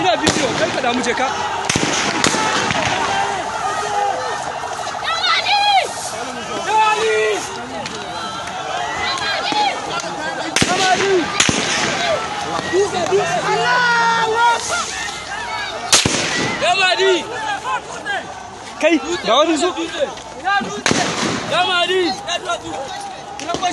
ina bidiyo kai ka damu je ka Kai, da wani zo? Ya